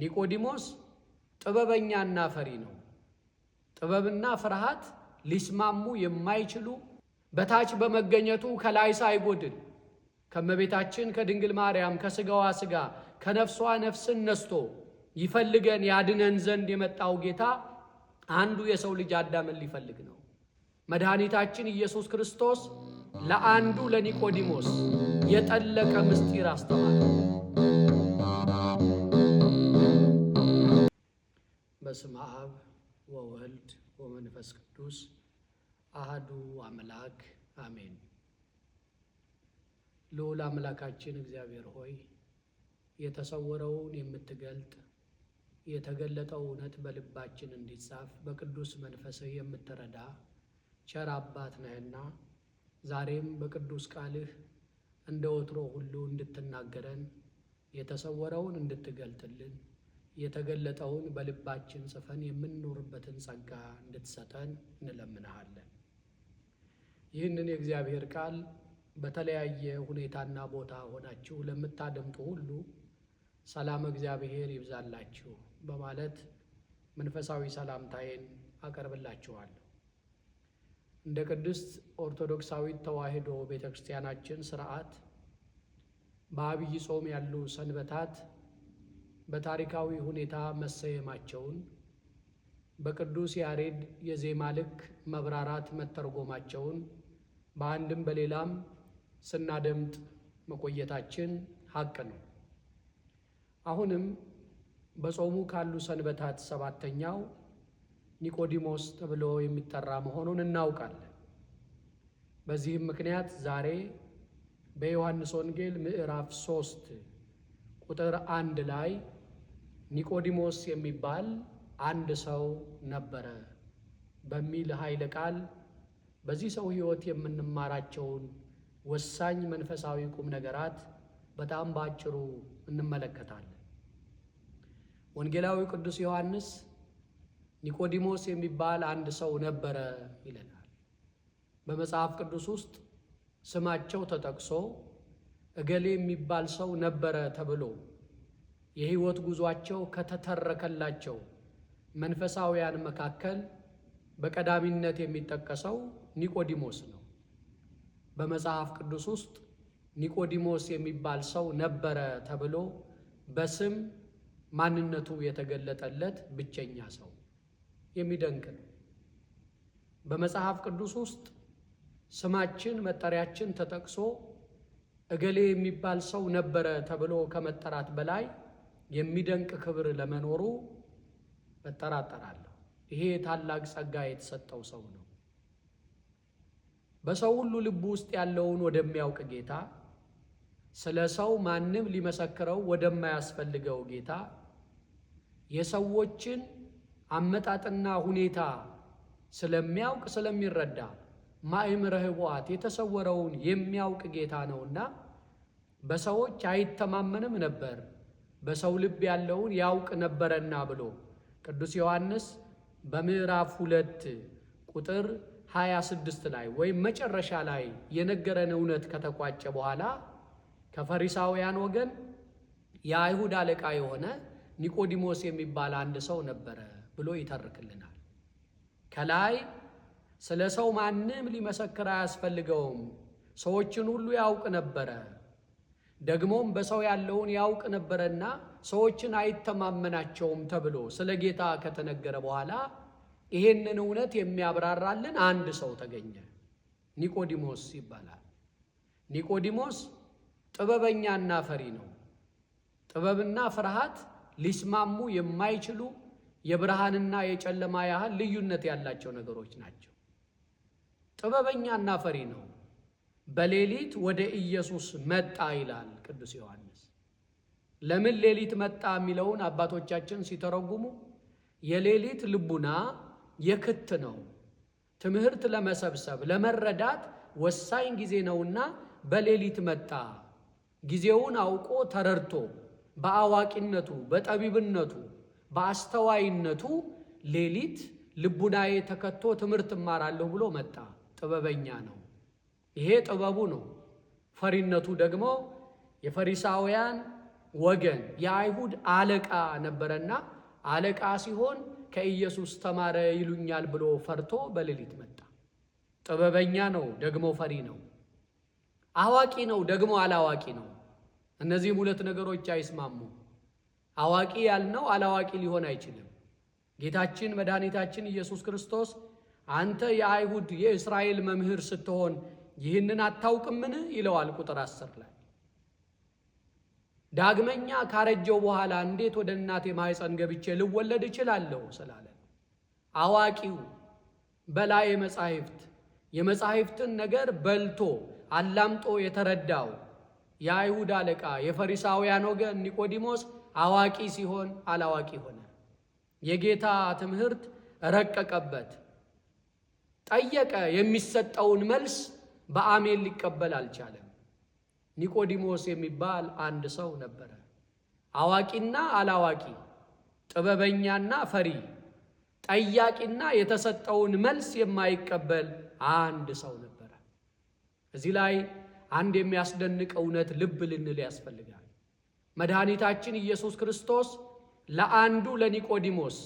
ኒቆዲሞስ ጥበበኛና ፈሪ ነው። ጥበብና ፍርሃት ሊስማሙ የማይችሉ በታች በመገኘቱ ከላይ ሳይጎድል ከእመቤታችን ከድንግል ማርያም ከስጋዋ ስጋ ከነፍሷ ነፍስን ነስቶ ይፈልገን ያድነን ዘንድ የመጣው ጌታ አንዱ የሰው ልጅ አዳምን ሊፈልግ ነው። መድኃኒታችን ኢየሱስ ክርስቶስ ለአንዱ ለኒቆዲሞስ የጠለቀ ምስጢር አስተማረ። በስመ አብ ወወልድ ወመንፈስ ቅዱስ አህዱ አምላክ አሜን። ልዑል አምላካችን እግዚአብሔር ሆይ የተሰወረውን የምትገልጥ የተገለጠው እውነት በልባችን እንዲጻፍ በቅዱስ መንፈስህ የምትረዳ ቸር አባት ነህና ዛሬም በቅዱስ ቃልህ እንደ ወትሮ ሁሉ እንድትናገረን የተሰወረውን እንድትገልጥልን የተገለጠውን በልባችን ጽፈን የምንኖርበትን ጸጋ እንድትሰጠን እንለምንሃለን። ይህንን የእግዚአብሔር ቃል በተለያየ ሁኔታና ቦታ ሆናችሁ ለምታደምጡ ሁሉ ሰላም እግዚአብሔር ይብዛላችሁ በማለት መንፈሳዊ ሰላምታዬን አቀርብላችኋለሁ። እንደ ቅድስት ኦርቶዶክሳዊት ተዋሕዶ ቤተ ክርስቲያናችን በአብይ ጾም ያሉ ሰንበታት በታሪካዊ ሁኔታ መሰየማቸውን በቅዱስ ያሬድ የዜማ ልክ መብራራት መተርጎማቸውን በአንድም በሌላም ስናደምጥ መቆየታችን ሀቅ ነው። አሁንም በጾሙ ካሉ ሰንበታት ሰባተኛው ኒቆዲሞስ ተብሎ የሚጠራ መሆኑን እናውቃለን። በዚህም ምክንያት ዛሬ በዮሐንስ ወንጌል ምዕራፍ ሶስት ቁጥር አንድ ላይ ኒቆዲሞስ የሚባል አንድ ሰው ነበረ በሚል ኃይለ ቃል በዚህ ሰው ሕይወት የምንማራቸውን ወሳኝ መንፈሳዊ ቁም ነገራት በጣም በአጭሩ እንመለከታለን። ወንጌላዊ ቅዱስ ዮሐንስ ኒቆዲሞስ የሚባል አንድ ሰው ነበረ ይለናል። በመጽሐፍ ቅዱስ ውስጥ ስማቸው ተጠቅሶ እገሌ የሚባል ሰው ነበረ ተብሎ የሕይወት ጉዟቸው ከተተረከላቸው መንፈሳውያን መካከል በቀዳሚነት የሚጠቀሰው ኒቆዲሞስ ነው። በመጽሐፍ ቅዱስ ውስጥ ኒቆዲሞስ የሚባል ሰው ነበረ ተብሎ በስም ማንነቱ የተገለጠለት ብቸኛ ሰው የሚደንቅ ነው። በመጽሐፍ ቅዱስ ውስጥ ስማችን መጠሪያችን ተጠቅሶ እገሌ የሚባል ሰው ነበረ ተብሎ ከመጠራት በላይ የሚደንቅ ክብር ለመኖሩ እጠራጠራለሁ። ይሄ ታላቅ ጸጋ የተሰጠው ሰው ነው። በሰው ሁሉ ልብ ውስጥ ያለውን ወደሚያውቅ ጌታ፣ ስለ ሰው ማንም ሊመሰክረው ወደማያስፈልገው ጌታ፣ የሰዎችን አመጣጥና ሁኔታ ስለሚያውቅ ስለሚረዳ ማእምረ ኅቡዓት የተሰወረውን የሚያውቅ ጌታ ነውና በሰዎች አይተማመንም ነበር። በሰው ልብ ያለውን ያውቅ ነበረና ብሎ ቅዱስ ዮሐንስ በምዕራፍ ሁለት ቁጥር 26 ላይ ወይም መጨረሻ ላይ የነገረን እውነት ከተቋጨ በኋላ ከፈሪሳውያን ወገን የአይሁድ አለቃ የሆነ ኒቆዲሞስ የሚባል አንድ ሰው ነበረ ብሎ ይተርክልናል። ከላይ ስለ ሰው ማንም ሊመሰክር አያስፈልገውም፣ ሰዎችን ሁሉ ያውቅ ነበረ ደግሞም በሰው ያለውን ያውቅ ነበረና ሰዎችን አይተማመናቸውም ተብሎ ስለ ጌታ ከተነገረ በኋላ ይሄንን እውነት የሚያብራራልን አንድ ሰው ተገኘ። ኒቆዲሞስ ይባላል። ኒቆዲሞስ ጥበበኛና ፈሪ ነው። ጥበብና ፍርሃት ሊስማሙ የማይችሉ የብርሃንና የጨለማ ያህል ልዩነት ያላቸው ነገሮች ናቸው። ጥበበኛና ፈሪ ነው። በሌሊት ወደ ኢየሱስ መጣ ይላል ቅዱስ ዮሐንስ። ለምን ሌሊት መጣ የሚለውን አባቶቻችን ሲተረጉሙ የሌሊት ልቡና የክት ነው፣ ትምህርት ለመሰብሰብ ለመረዳት ወሳኝ ጊዜ ነውና በሌሊት መጣ። ጊዜውን አውቆ ተረድቶ በአዋቂነቱ በጠቢብነቱ በአስተዋይነቱ ሌሊት ልቡናዬ ተከቶ ትምህርት እማራለሁ ብሎ መጣ። ጥበበኛ ነው። ይሄ ጥበቡ ነው። ፈሪነቱ ደግሞ የፈሪሳውያን ወገን የአይሁድ አለቃ ነበረና አለቃ ሲሆን ከኢየሱስ ተማረ ይሉኛል ብሎ ፈርቶ በሌሊት መጣ። ጥበበኛ ነው፣ ደግሞ ፈሪ ነው። አዋቂ ነው፣ ደግሞ አላዋቂ ነው። እነዚህም ሁለት ነገሮች አይስማሙ። አዋቂ ያልነው አላዋቂ ሊሆን አይችልም። ጌታችን መድኃኒታችን ኢየሱስ ክርስቶስ አንተ የአይሁድ የእስራኤል መምህር ስትሆን ይህንን አታውቅምን ይለዋል ቁጥር አስር ላይ ዳግመኛ ካረጀው በኋላ እንዴት ወደ እናቴ ማይፀን ገብቼ ልወለድ እችላለሁ ስላለ አዋቂው በላይ መጻሕፍት የመጻሕፍትን ነገር በልቶ አላምጦ የተረዳው የአይሁድ አለቃ የፈሪሳውያን ወገን ኒቆዲሞስ አዋቂ ሲሆን አላዋቂ ሆነ። የጌታ ትምህርት ረቀቀበት። ጠየቀ የሚሰጠውን መልስ በአሜን ሊቀበል አልቻለም። ኒቆዲሞስ የሚባል አንድ ሰው ነበረ። አዋቂና አላዋቂ፣ ጥበበኛና ፈሪ፣ ጠያቂና የተሰጠውን መልስ የማይቀበል አንድ ሰው ነበረ። እዚህ ላይ አንድ የሚያስደንቅ እውነት ልብ ልንል ያስፈልጋል። መድኃኒታችን ኢየሱስ ክርስቶስ ለአንዱ ለኒቆዲሞስ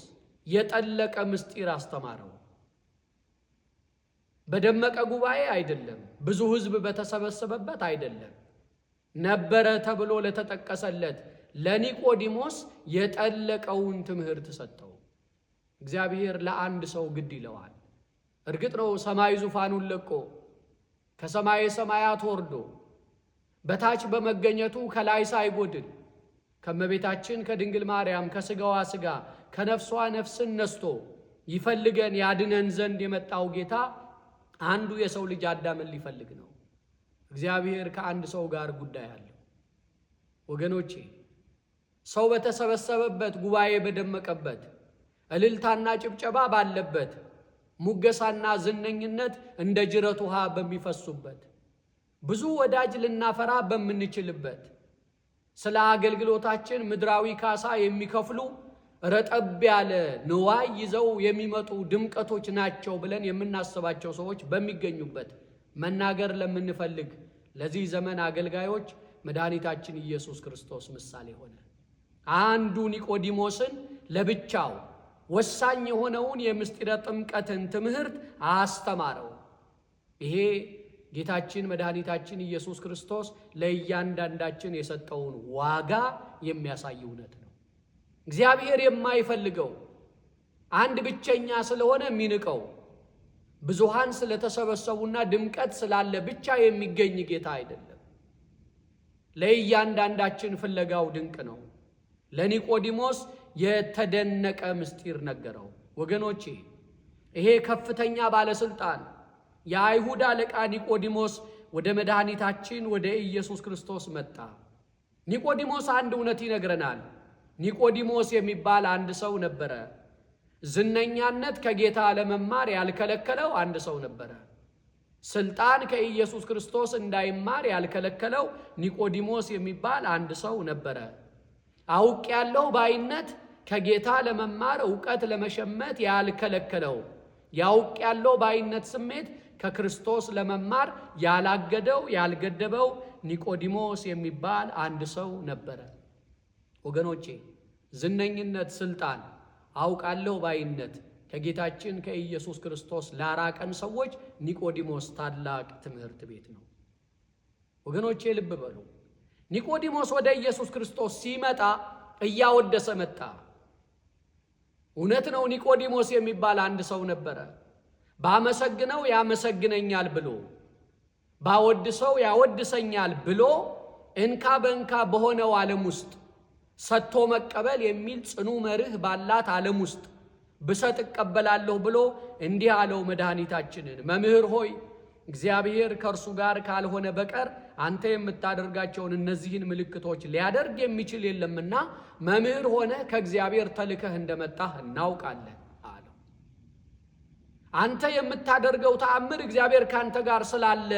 የጠለቀ ምስጢር አስተማረው። በደመቀ ጉባኤ አይደለም፣ ብዙ ሕዝብ በተሰበሰበበት አይደለም። ነበረ ተብሎ ለተጠቀሰለት ለኒቆዲሞስ የጠለቀውን ትምህርት ሰጠው። እግዚአብሔር ለአንድ ሰው ግድ ይለዋል። እርግጥ ነው ሰማይ ዙፋኑን ለቆ ከሰማይ ሰማያት ወርዶ በታች በመገኘቱ ከላይ ሳይጎድል ከመቤታችን ከድንግል ማርያም ከስጋዋ ስጋ ከነፍሷ ነፍስን ነስቶ ይፈልገን ያድነን ዘንድ የመጣው ጌታ አንዱ የሰው ልጅ አዳምን ሊፈልግ ነው። እግዚአብሔር ከአንድ ሰው ጋር ጉዳይ አለው። ወገኖቼ ሰው በተሰበሰበበት፣ ጉባኤ በደመቀበት፣ እልልታና ጭብጨባ ባለበት፣ ሙገሳና ዝነኝነት እንደ ጅረት ውሃ በሚፈሱበት፣ ብዙ ወዳጅ ልናፈራ በምንችልበት፣ ስለ አገልግሎታችን ምድራዊ ካሳ የሚከፍሉ ረጠብ ያለ ንዋይ ይዘው የሚመጡ ድምቀቶች ናቸው ብለን የምናስባቸው ሰዎች በሚገኙበት መናገር ለምንፈልግ ለዚህ ዘመን አገልጋዮች መድኃኒታችን ኢየሱስ ክርስቶስ ምሳሌ ሆነ። አንዱ ኒቆዲሞስን ለብቻው ወሳኝ የሆነውን የምስጢረ ጥምቀትን ትምህርት አስተማረው። ይሄ ጌታችን መድኃኒታችን ኢየሱስ ክርስቶስ ለእያንዳንዳችን የሰጠውን ዋጋ የሚያሳይ እውነት ነው። እግዚአብሔር የማይፈልገው አንድ ብቸኛ ስለሆነ የሚንቀው ብዙሃን ስለተሰበሰቡና ድምቀት ስላለ ብቻ የሚገኝ ጌታ አይደለም። ለእያንዳንዳችን ፍለጋው ድንቅ ነው። ለኒቆዲሞስ የተደነቀ ምስጢር ነገረው። ወገኖቼ ይሄ ከፍተኛ ባለስልጣን የአይሁድ አለቃ ኒቆዲሞስ ወደ መድኃኒታችን ወደ ኢየሱስ ክርስቶስ መጣ። ኒቆዲሞስ አንድ እውነት ይነግረናል። ኒቆዲሞስ የሚባል አንድ ሰው ነበረ። ዝነኛነት ከጌታ ለመማር ያልከለከለው አንድ ሰው ነበረ። ስልጣን ከኢየሱስ ክርስቶስ እንዳይማር ያልከለከለው ኒቆዲሞስ የሚባል አንድ ሰው ነበረ። አውቅ ያለው ባይነት ከጌታ ለመማር እውቀት ለመሸመት ያልከለከለው ያውቅ ያለው ባይነት ስሜት ከክርስቶስ ለመማር ያላገደው ያልገደበው ኒቆዲሞስ የሚባል አንድ ሰው ነበረ። ወገኖቼ ዝነኝነት፣ ስልጣን፣ አውቃለሁ ባይነት ከጌታችን ከኢየሱስ ክርስቶስ ላራቀን ሰዎች ኒቆዲሞስ ታላቅ ትምህርት ቤት ነው። ወገኖቼ ልብ በሉ። ኒቆዲሞስ ወደ ኢየሱስ ክርስቶስ ሲመጣ እያወደሰ መጣ። እውነት ነው፣ ኒቆዲሞስ የሚባል አንድ ሰው ነበረ። ባመሰግነው ያመሰግነኛል ብሎ ባወድሰው ያወድሰኛል ብሎ እንካ በእንካ በሆነው ዓለም ውስጥ ሰጥቶ መቀበል የሚል ጽኑ መርህ ባላት ዓለም ውስጥ ብሰጥ እቀበላለሁ ብሎ እንዲህ አለው መድኃኒታችንን፣ መምህር ሆይ እግዚአብሔር ከእርሱ ጋር ካልሆነ በቀር አንተ የምታደርጋቸውን እነዚህን ምልክቶች ሊያደርግ የሚችል የለምና መምህር ሆነ ከእግዚአብሔር ተልከህ እንደመጣህ እናውቃለን አለው። አንተ የምታደርገው ተአምር እግዚአብሔር ካንተ ጋር ስላለ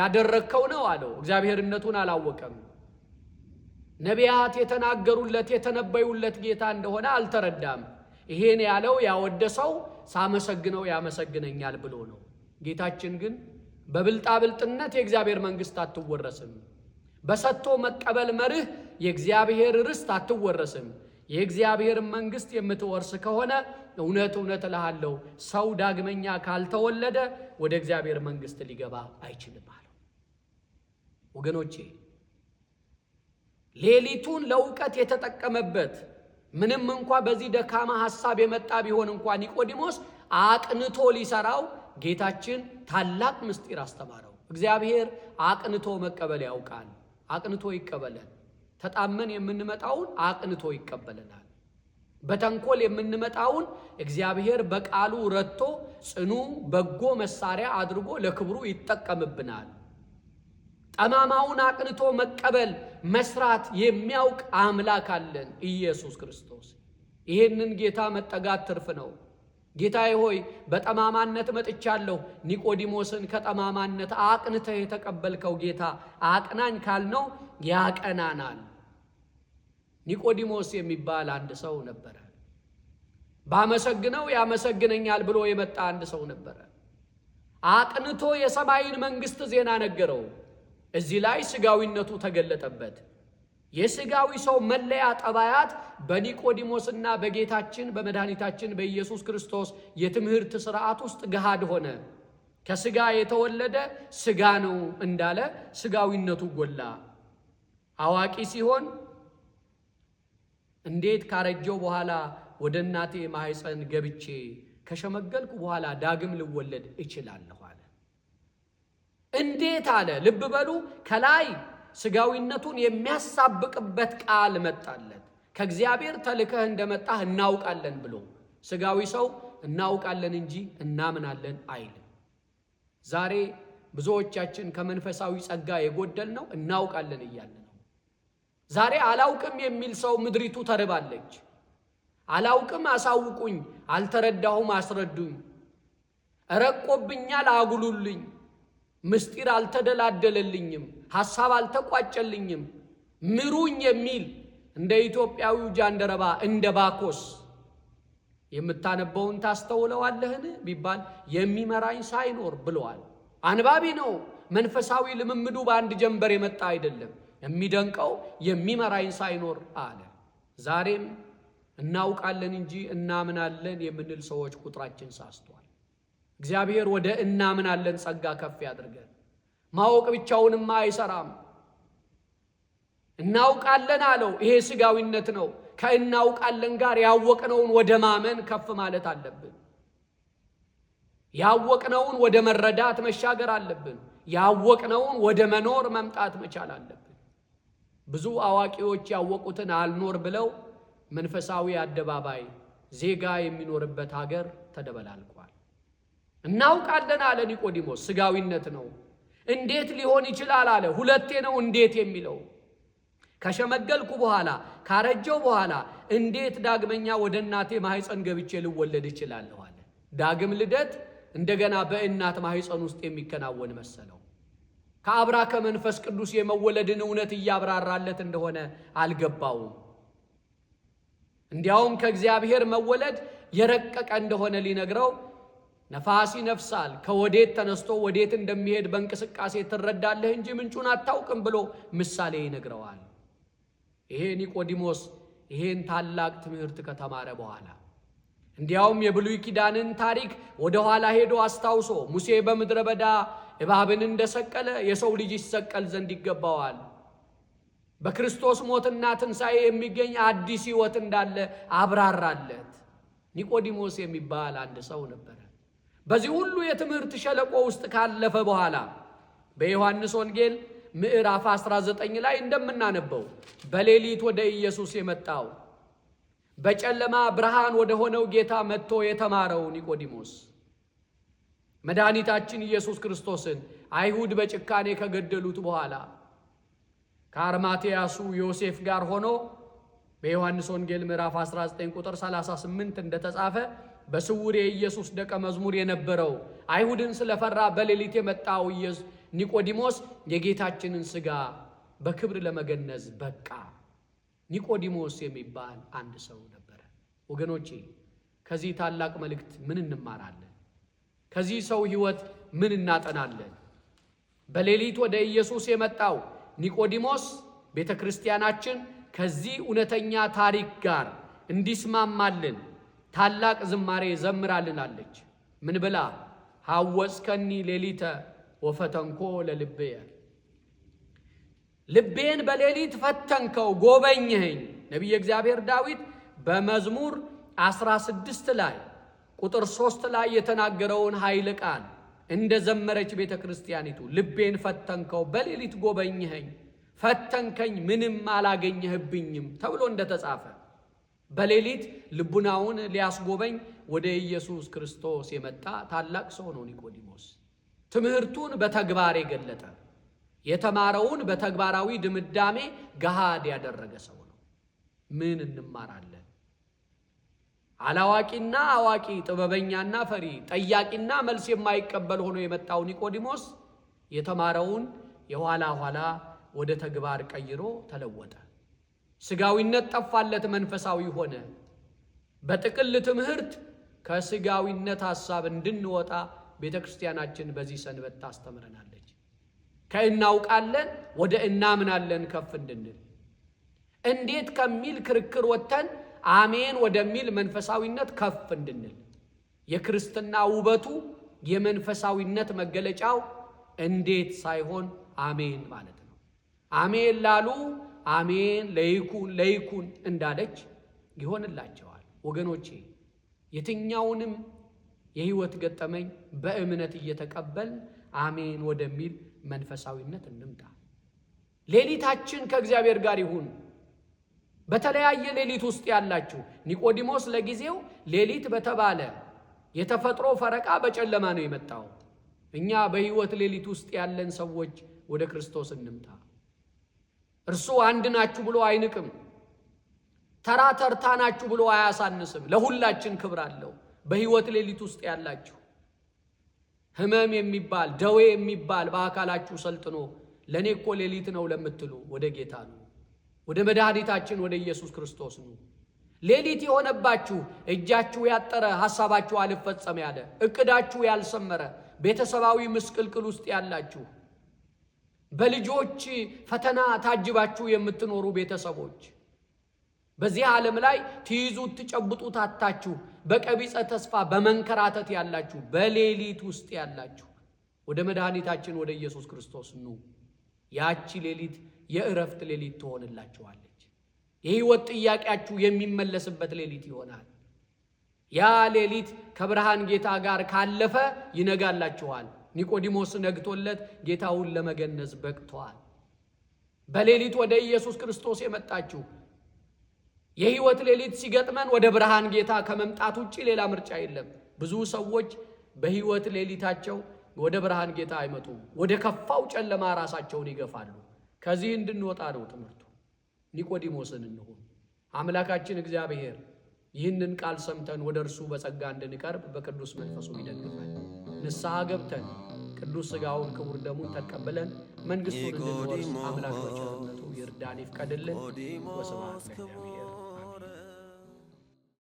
ያደረግከው ነው አለው። እግዚአብሔርነቱን አላወቀም። ነቢያት የተናገሩለት የተነበዩለት ጌታ እንደሆነ አልተረዳም። ይሄን ያለው ያወደሰው ሳመሰግነው ያመሰግነኛል ብሎ ነው። ጌታችን ግን በብልጣብልጥነት የእግዚአብሔር መንግሥት አትወረስም። በሰጥቶ መቀበል መርህ የእግዚአብሔር ርስት አትወረስም። የእግዚአብሔር መንግሥት የምትወርስ ከሆነ እውነት እውነት እልሃለሁ ሰው ዳግመኛ ካልተወለደ ወደ እግዚአብሔር መንግሥት ሊገባ አይችልም አለው። ወገኖቼ ሌሊቱን ለእውቀት የተጠቀመበት ምንም እንኳ በዚህ ደካማ ሐሳብ የመጣ ቢሆን እንኳ ኒቆዲሞስ አቅንቶ ሊሰራው ጌታችን ታላቅ ምስጢር አስተማረው። እግዚአብሔር አቅንቶ መቀበል ያውቃል። አቅንቶ ይቀበለን። ተጣመን የምንመጣውን አቅንቶ ይቀበለናል። በተንኮል የምንመጣውን እግዚአብሔር በቃሉ ረድቶ ጽኑ በጎ መሳሪያ አድርጎ ለክብሩ ይጠቀምብናል። ጠማማውን አቅንቶ መቀበል መስራት የሚያውቅ አምላክ አለን ኢየሱስ ክርስቶስ። ይህንን ጌታ መጠጋት ትርፍ ነው። ጌታዬ ሆይ በጠማማነት መጥቻለሁ። ኒቆዲሞስን ከጠማማነት አቅንተህ የተቀበልከው ጌታ አቅናኝ ካልነው ያቀናናል። ኒቆዲሞስ የሚባል አንድ ሰው ነበረ። ባመሰግነው ያመሰግነኛል ብሎ የመጣ አንድ ሰው ነበረ። አቅንቶ የሰማይን መንግሥት ዜና ነገረው። እዚህ ላይ ስጋዊነቱ ተገለጠበት። የስጋዊ ሰው መለያ ጠባያት በኒቆዲሞስና በጌታችን በመድኃኒታችን በኢየሱስ ክርስቶስ የትምህርት ስርዓት ውስጥ ገሃድ ሆነ። ከስጋ የተወለደ ስጋ ነው እንዳለ ስጋዊነቱ ጎላ። አዋቂ ሲሆን እንዴት ካረጀው በኋላ ወደ እናቴ ማህፀን ገብቼ ከሸመገልኩ በኋላ ዳግም ልወለድ እችላለሁ አለ። እንዴት አለ። ልብ በሉ፣ ከላይ ስጋዊነቱን የሚያሳብቅበት ቃል መጣለት። ከእግዚአብሔር ተልከህ እንደመጣህ እናውቃለን ብሎ ስጋዊ ሰው እናውቃለን እንጂ እናምናለን አይልም። ዛሬ ብዙዎቻችን ከመንፈሳዊ ጸጋ የጎደል ነው፣ እናውቃለን እያለ ነው። ዛሬ አላውቅም የሚል ሰው ምድሪቱ ተርባለች። አላውቅም አሳውቁኝ፣ አልተረዳሁም አስረዱኝ፣ እረቆብኛል አጉሉልኝ ምስጢር አልተደላደለልኝም፣ ሀሳብ አልተቋጨልኝም፣ ምሩኝ የሚል እንደ ኢትዮጵያዊው ጃንደረባ እንደ ባኮስ የምታነበውን ታስተውለዋለህን ቢባል የሚመራኝ ሳይኖር ብለዋል። አንባቢ ነው። መንፈሳዊ ልምምዱ በአንድ ጀንበር የመጣ አይደለም። የሚደንቀው የሚመራኝ ሳይኖር አለ። ዛሬም እናውቃለን እንጂ እናምናለን የምንል ሰዎች ቁጥራችን ሳስቷል። እግዚአብሔር ወደ እናምናለን ጸጋ ከፍ ያድርገን። ማወቅ ብቻውንም አይሰራም። እናውቃለን አለው። ይሄ ስጋዊነት ነው። ከእናውቃለን ጋር ያወቅነውን ወደ ማመን ከፍ ማለት አለብን። ያወቅነውን ወደ መረዳት መሻገር አለብን። ያወቅነውን ወደ መኖር መምጣት መቻል አለብን። ብዙ አዋቂዎች ያወቁትን አልኖር ብለው መንፈሳዊ አደባባይ ዜጋ የሚኖርበት ሀገር ተደበላልቋል። እናውቃለን አለ ኒቆዲሞስ። ስጋዊነት ነው። እንዴት ሊሆን ይችላል አለ። ሁለቴ ነው እንዴት የሚለው ከሸመገልኩ በኋላ ካረጀው በኋላ እንዴት ዳግመኛ ወደ እናቴ ማህፀን ገብቼ ልወለድ እችላለሁ አለ። ዳግም ልደት እንደገና በእናት ማህፀን ውስጥ የሚከናወን መሰለው። ከአብራ ከመንፈስ ቅዱስ የመወለድን እውነት እያብራራለት እንደሆነ አልገባውም። እንዲያውም ከእግዚአብሔር መወለድ የረቀቀ እንደሆነ ሊነግረው ነፋስ ይነፍሳል፣ ከወዴት ተነስቶ ወዴት እንደሚሄድ በእንቅስቃሴ ትረዳለህ እንጂ ምንጩን አታውቅም ብሎ ምሳሌ ይነግረዋል። ይሄ ኒቆዲሞስ ይሄን ታላቅ ትምህርት ከተማረ በኋላ እንዲያውም የብሉይ ኪዳንን ታሪክ ወደ ኋላ ሄዶ አስታውሶ ሙሴ በምድረ በዳ እባብን እንደሰቀለ የሰው ልጅ ይሰቀል ዘንድ ይገባዋል፣ በክርስቶስ ሞትና ትንሣኤ የሚገኝ አዲስ ሕይወት እንዳለ አብራራለት። ኒቆዲሞስ የሚባል አንድ ሰው ነበር። በዚህ ሁሉ የትምህርት ሸለቆ ውስጥ ካለፈ በኋላ በዮሐንስ ወንጌል ምዕራፍ 19 ላይ እንደምናነበው በሌሊት ወደ ኢየሱስ የመጣው በጨለማ ብርሃን ወደ ሆነው ጌታ መጥቶ የተማረው ኒቆዲሞስ መድኃኒታችን ኢየሱስ ክርስቶስን አይሁድ በጭካኔ ከገደሉት በኋላ ከአርማቴያሱ ዮሴፍ ጋር ሆኖ በዮሐንስ ወንጌል ምዕራፍ 19 ቁጥር 38 እንደተጻፈ በስውር የኢየሱስ ደቀ መዝሙር የነበረው አይሁድን ስለፈራ በሌሊት የመጣው ኒቆዲሞስ የጌታችንን ሥጋ በክብር ለመገነዝ በቃ። ኒቆዲሞስ የሚባል አንድ ሰው ነበረ። ወገኖቼ ከዚህ ታላቅ መልእክት ምን እንማራለን? ከዚህ ሰው ሕይወት ምን እናጠናለን? በሌሊት ወደ ኢየሱስ የመጣው ኒቆዲሞስ ቤተ ክርስቲያናችን ከዚህ እውነተኛ ታሪክ ጋር እንዲስማማልን ታላቅ ዝማሬ ዘምራልናለች። ምን ብላ ሐወስከኒ ሌሊተ ወፈተንኮ ለልብየ ልቤን በሌሊት ፈተንከው ጎበኘኸኝ። ነቢይ እግዚአብሔር ዳዊት በመዝሙር 16 ላይ ቁጥር 3 ላይ የተናገረውን ኃይለ ቃል እንደ ዘመረች ቤተ ክርስቲያኒቱ ልቤን ፈተንከው፣ በሌሊት ጎበኘኸኝ፣ ፈተንከኝ፣ ምንም አላገኘህብኝም ተብሎ እንደተጻፈ በሌሊት ልቡናውን ሊያስጎበኝ ወደ ኢየሱስ ክርስቶስ የመጣ ታላቅ ሰው ነው ኒቆዲሞስ። ትምህርቱን በተግባር የገለጠ የተማረውን በተግባራዊ ድምዳሜ ገሃድ ያደረገ ሰው ነው። ምን እንማራለን? አላዋቂና አዋቂ፣ ጥበበኛና ፈሪ፣ ጠያቂና መልስ የማይቀበል ሆኖ የመጣው ኒቆዲሞስ የተማረውን የኋላ ኋላ ወደ ተግባር ቀይሮ ተለወጠ። ስጋዊነት ጠፋለት፣ መንፈሳዊ ሆነ። በጥቅል ትምህርት ከስጋዊነት ሐሳብ እንድንወጣ ቤተ ክርስቲያናችን በዚህ ሰንበት ታስተምረናለች። ከእናውቃለን ወደ እናምናለን ከፍ እንድንል እንዴት ከሚል ክርክር ወጥተን አሜን ወደሚል መንፈሳዊነት ከፍ እንድንል የክርስትና ውበቱ የመንፈሳዊነት መገለጫው እንዴት ሳይሆን አሜን ማለት ነው። አሜን ላሉ አሜን ለይኩን ለይኩን እንዳለች ይሆንላቸዋል። ወገኖቼ የትኛውንም የህይወት ገጠመኝ በእምነት እየተቀበል አሜን ወደሚል መንፈሳዊነት እንምጣ። ሌሊታችን ከእግዚአብሔር ጋር ይሁን። በተለያየ ሌሊት ውስጥ ያላችሁ ኒቆዲሞስ ለጊዜው ሌሊት በተባለ የተፈጥሮ ፈረቃ በጨለማ ነው የመጣው። እኛ በህይወት ሌሊት ውስጥ ያለን ሰዎች ወደ ክርስቶስ እንምጣ። እርሱ አንድ ናችሁ ብሎ አይንቅም። ተራ ተርታ ናችሁ ብሎ አያሳንስም። ለሁላችን ክብር አለው። በህይወት ሌሊት ውስጥ ያላችሁ ህመም የሚባል ደዌ የሚባል በአካላችሁ ሰልጥኖ ለእኔ እኮ ሌሊት ነው ለምትሉ ወደ ጌታ ነው፣ ወደ መድኃኒታችን ወደ ኢየሱስ ክርስቶስ ነው። ሌሊት የሆነባችሁ እጃችሁ ያጠረ፣ ሐሳባችሁ አልፈጸም ያለ፣ እቅዳችሁ ያልሰመረ፣ ቤተሰባዊ ምስቅልቅል ውስጥ ያላችሁ በልጆች ፈተና ታጅባችሁ የምትኖሩ ቤተሰቦች በዚህ ዓለም ላይ ትይዙት ትጨብጡት አታችሁ በቀቢጸ ተስፋ በመንከራተት ያላችሁ በሌሊት ውስጥ ያላችሁ ወደ መድኃኒታችን ወደ ኢየሱስ ክርስቶስ ኑ። ያቺ ሌሊት የእረፍት ሌሊት ትሆንላችኋለች። የሕይወት ጥያቄያችሁ የሚመለስበት ሌሊት ይሆናል። ያ ሌሊት ከብርሃን ጌታ ጋር ካለፈ ይነጋላችኋል። ኒቆዲሞስ ነግቶለት ጌታውን ለመገነዝ በቅተዋል። በሌሊት ወደ ኢየሱስ ክርስቶስ የመጣችው የሕይወት ሌሊት ሲገጥመን ወደ ብርሃን ጌታ ከመምጣት ውጭ ሌላ ምርጫ የለም። ብዙ ሰዎች በሕይወት ሌሊታቸው ወደ ብርሃን ጌታ አይመጡም። ወደ ከፋው ጨለማ ራሳቸውን ይገፋሉ። ከዚህ እንድንወጣ ነው ትምህርቱ። ኒቆዲሞስን እንሁን። አምላካችን እግዚአብሔር ይህንን ቃል ሰምተን ወደ እርሱ በጸጋ እንድንቀርብ በቅዱስ መንፈሱ ይደግፈን። ንስሐ ገብተን ቅዱስ ሥጋውን ክቡር ደሙን ተቀብለን መንግሥቱን እንድንወርስ አምላክ በቸርነቱ ይርዳን ይፍቀድልን። ወስብሐት ለእግዚአብሔር።